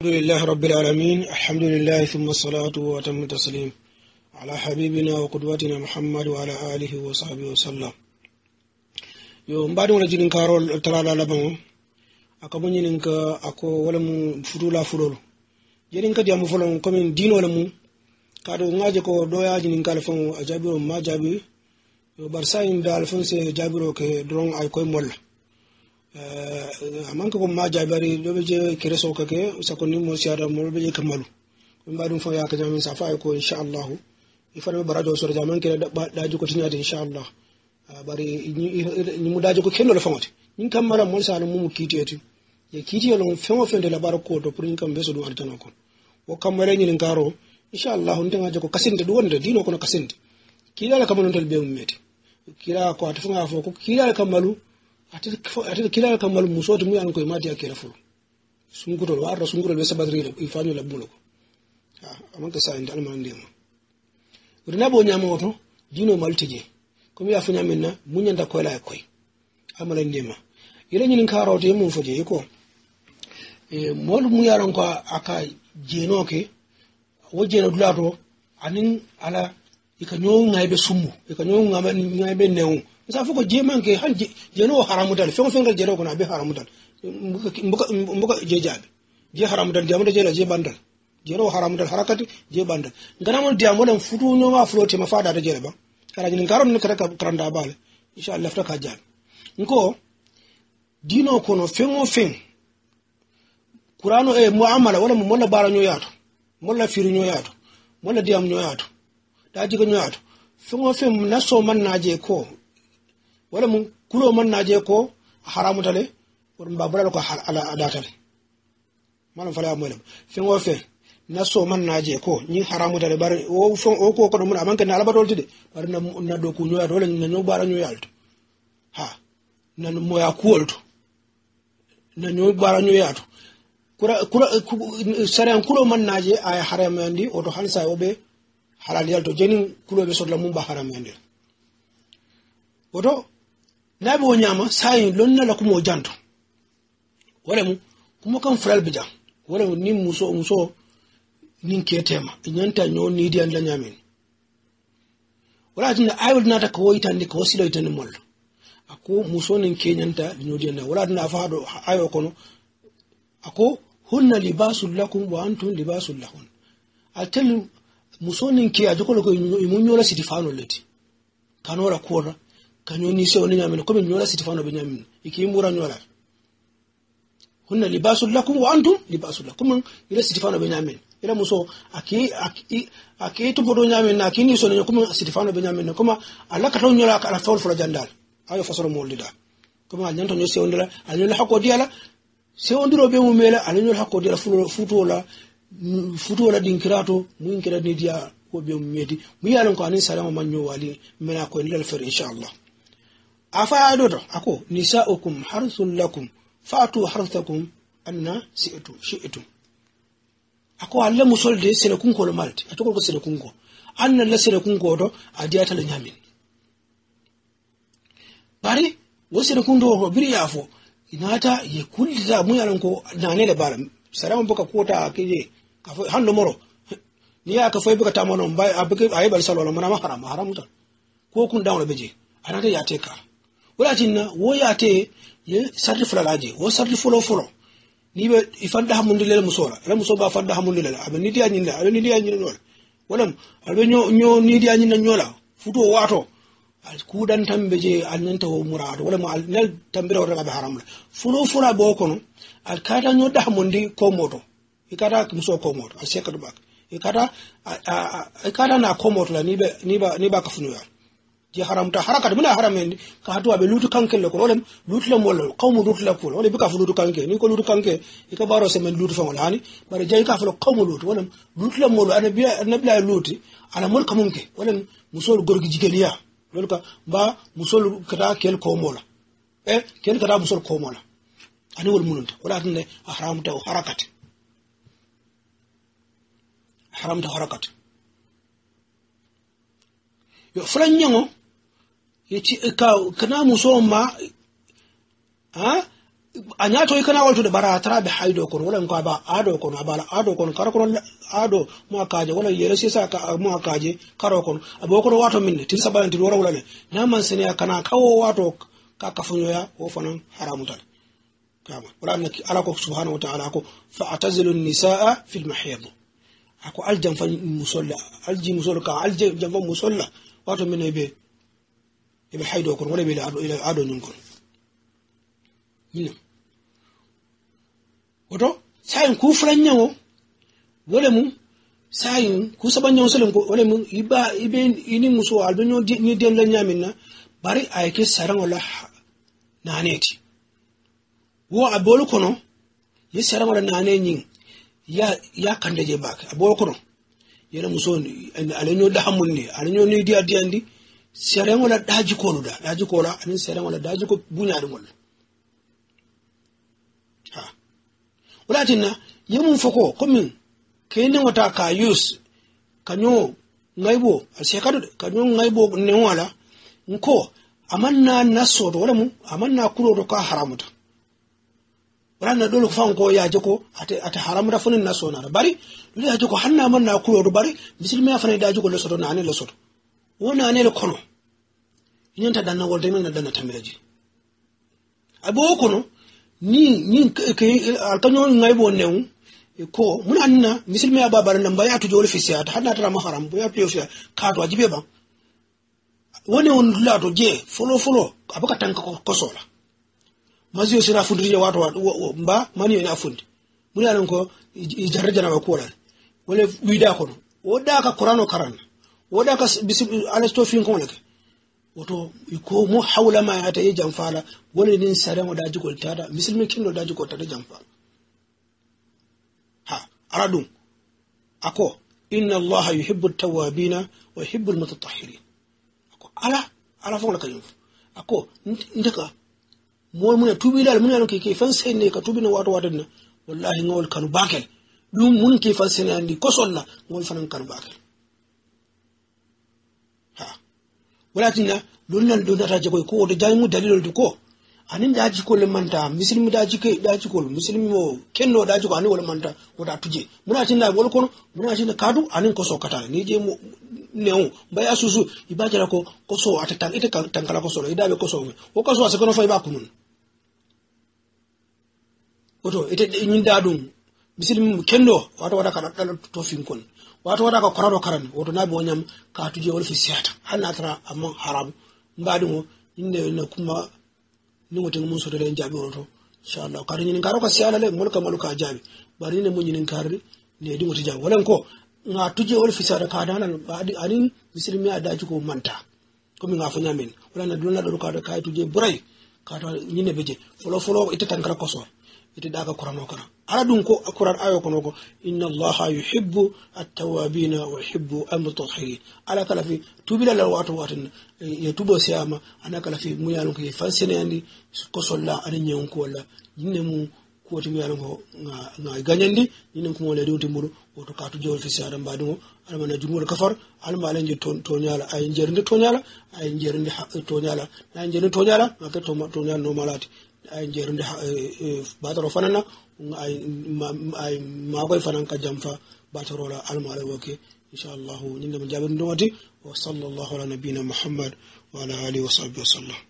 الحمد لله رب العالمين الحمد لله ثم الصلاة وتم التسليم على حبيبنا وقدوتنا محمد وعلى آله وصحبه وسلم يوم بعد ولا جين كارول ترى لا لبعو أكمل جين ك أكو ولا مو فرولا فرول جين ك ديامو فلون كمين دين ولا مو كارو ناجي كو دويا جين كالفون أجابيرو ما جابي يو برساين دالفون سي جابيرو كدرون أيكوي مول Eh, aman ko ma jabari do be je kere so ka ke sa ko ni mo siara mo be je kamalu min ba dum fo ya ka jami sa fa e ko insha Allah ifa bara barado so jamin kere da da ji ko tinya da insha Allah ah, bari ni mu da ji ko kenno la famati nin kamara mo sa mu mu kitiyati ye kitiyo lon fengo fende la barako to pour nin kam be so do altana kon wo kamara ni nin ngaro insha Allah on tanga ko kasinde do wonde dino kono kasinde kila la kamanon tal be ummeti kila ko atfunga fo ko kila la kamalu atete kilala kammal musoti mu yan koye mati akkela fulo sunkutol warra sunkutol ɓe sabatirila ifañola bulo ko ah, amanke sayinde almanandema rina ɓo ñama oto dino maltije comme ya fuñamin na muñanta koyla e koye amalandema yele ñinin karoto ye mum foje ko moolu mu yaron ko aka jeeno ke wo jeeno dulato anin ala ika ñoo ŋayɓe summu ika ñoo ŋayɓe sa fuko man ke han jeno haramudal fengo fengo jeno ko na be dal mbuka mbuka je jabe je haramu dal jamu je la je bandal haramu dal harakati je bandal ngana mon diamo dan futu no ma flote ma fada da jere ba kala jin karon ne kata karanda bal insha Allah ta ka jabe nko dino kono fengo feng qur'ano e eh, muamala wala molla bara nyo yato la firu nyo yato la diam nyo yato da jiga nyo yato fengo feng na so man na je ko wala mun kulo man naje ko haramu tale wala ba bulal ko ala adatale malam fala molam fin wo fe na so man naje ko ni haramu tale bar wo fon o ko ko mun amanka na alba dolti de bar na na do ku nyoya dole na nyo bara nyoya alto ha na mo ya ku alto na nyo bara nyoya alto kura kura saran kulo man naje ay haramu haramandi e oto halsa e be halal yalto jenin so la mun ba haramu haramandel e wato laabi wo ñaama saayin lonna la o janto wo lemu kumo kam fural bija wo lemu niŋ muso muso niŋ keeteema i ñanta ñoo niidiyaandi la ñaamin wala tinna ayol naata ko wo yitandi ko wo silo yitandi mol a ko muso niŋ kee ñanta ñoo da wala tinna a faa do ayo kono a ko hunna libasul lakum wa antum libasul lahun atel muso niŋ kee a jokolo ko i mu ñoo la siti faanol le ti kanoo la kuwo la kañoni sewone ñamine comme ñola siti fano ɓe ñamine iki mura ñolal hunna libasul lakum wa antum libasul lakum ma ila siti fano ɓe ñamine ila muso aki aki tumpoto ñamine aki nisone comme siti fano ɓe ñamine comme alakkataw ñola ala fewol fola jandal ayo façono mollida comme a ñantaño sewondila ala ñola hakko diyala sewondiro ɓe mumela ala ñola hakko diyala fulo futuwola mm, futuwola ɗinkirato muinkirani diya woɓe mumedi muyalon ko ani salama ma ñowali mena koye ndilal fere inchallah a afadar ako nisa'ukum harsun lakum fatu harsakum anna si'tu shi'tu ako alle musolde sere kunko lo malti atoko ko sere kunko anna la da kunko diya adiya tala nyamin bari wo sere ya ko biri yafo inata ye kulliza mu yaran ko nane da bara saramu boka kota kije kafo hando moro ni ya kafo boka tamono mbai abike ayi bal salwala mana haram haram ta ko kun dawo beje anata ya teka Walaatinna woo yaatee sarri fula laajee woo sarri fɔlɔ fɔlɔ n'i bɛ i fanda hamundi lɛ muso la ale muso b'a fanda hamundi lɛ a bɛ nidi a ɲinina a bɛ nidi a ɲinina ɲɔ la walima a bɛ ɲɔ ɲɔ nidi a ɲinina ɲɔ la futu o waatɔ kuudan tan bɛ je a nin tɔgɔ muraad walima a nel tambira wɛrɛ ka bɛ haram la fɔlɔ fɔlɔ a b'o kɔnɔ a ka da ɲɔ da hamundi kɔmɔ dɔn i ka da muso kɔmɔ a se ka dɔ b'a kan i ka da a ka da n'a kɔmɔ la n'i bɛ n'i b'a n'i b'a kafoɲɔgɔnya je haramta haraka mina haramen ka hatu abe lutu kanke le ko olem lutu le mol qawmu lutu la kul ole bika fu lutu kanke ni ko lutu kanke e ka baro semen lutu fa wala hani bare jey ka fu fa qawmu lutu olem lutu le mol ana biya ana biya lutu ana mol kamun ke olem musol gorgi jigeliya ka ba musol kata kel ko mola e kel kata musol ko mola ani wol mununta wala tan ne haramta harakat haramta harakat yo fulan nyango yaci kana muso ma ha anya to kana wato da bara tara bi haido kun wala ko ba ado kon abala ado kun kar kun ado mo je wala yere sai sa ka mo kaje karo kun abo wato minne tin sabalan tin wala wala ne na man sani kana kawo wato ka kafin ya ko fanan haramu ta kama wala annaki ala ko subhanahu wa ta'ala ko fa atazilu nisaa fil mahyid ako aljan fa musalla alji musalla ka aljan fa musalla wato minne be eɓe haydo kon wona wiila aɗo nun kon minnam woto sahen kufran ñawo wole mum sahen kusaɓa ñawo solem ko wole mum iba ibe ini muso aldoño ni denla ñamin na bari ayeke sarangola naneti wo a bolu kono ye sarangola nane ñing ya ya kandeje bake a bolu kono yena muso aleño dahamun ni aleño ni diya diyandi di, seren wala daji kolu da daji kola anin seren wala daji ko bunya din wala ha wala tinna yemun foko komin kayin wata ka ka kanyo ngaibo a shekaru kanyo ngaibo ne wala nko amanna naso to wala mu amanna kuro to ka haramuta wala na dole fa ko ya je ko haramu da funin naso na bari dole ya je ko hanna manna kuro to bari musulmi ya fana da je ko lesoto na ne lesoto wani wona anele kono ta danna wolde men danna a abo kono ni ni alkaño ngay bo new ko muna mun anna misilme aba baranda mbaya atu jole fi siyata hada tara maharam y'a piyo fiya kato ajibe ba woni on lato je folo folo abaka tanka ko sola maziyo sira fundiri wato mba mani yo afundi muna anan ko jarra jana ko wala wala wida kono o da ka qur'ano karana woda ka alasto fin kon laka woto ko mo hawla ma yata ye jamfala wani nin sare mo daji da tada kin da daji kolta da janfa ha ala ako inna allaha yuhibbu tawabina wa yuhibbu al-mutatahhirin ako ala ala fon laka yum ako ndeka mo mun tubilal mun yalon ke ke fan sai ne ka tubina wato wato na wallahi ngol kanu bakal dum mun ke fan sai ne ko sonna ngol fan kanu bakal walatinna lolnan do nata jagoy ko woto jamimu dalilol to ko anin ɗaji kole manta misilmi ɗaji ke ɗaji kol misilmi o kenno ɗaji ko anin wol manta wota tuje muna tinna wol kono muna tinna kadu anin ko sokata ni je mo neo mbaya susu ibajara ko ko so ata tan ita tankala ko solo idaɓe ko somi ko kaso a sekono fa iba kunun woto ite ñinda ɗum misilmi kenno wata wata kaɗa ɗala to finkon wato wata ka koraro karan wato na bo wanyan ka tuje wani fi siyata hal na tara amman haram mbadi mo inne ne kuma ni mutum mun so yin jabi wato insha Allah karin yin karo ka siya lalai mulka mulka jabi bari ne mun yin karri ne di wata jami walen ko na tuje wol fi siyata ka danan badi anin muslimi a daji ko manta ko min afunya min walan na dole da ruka da kai tuje burai ka ta yin ne bije folo folo ita tankar koso ita da aka korano karan ala ɗum ko alquran ayo kono ko inna allaha yuhibbu at attawabina wa yuhibbu al-mutahhirin ala kala fi tubila la watu watanna ya tubo siyama ana kala fi mu muyalon ko ye andi ko solla ani ñewon ko walla jinne mum kuwoti muyalon ko na ganyandi gañandi ko kumo le diwti o to katu jewol fi mbadu mo ala mana jumul kafar alama ala je yala ay ton yala ay ton ton yala jerinde toñala na jerinde ton yala no malati ba ta fana na ay e, e, makoy fanan ka jam fa allahu almala woke inchallahu ñindema jaɓirndumati wa sallallahu ala nabina muhammad wa ala alihi wa sahbihi sallam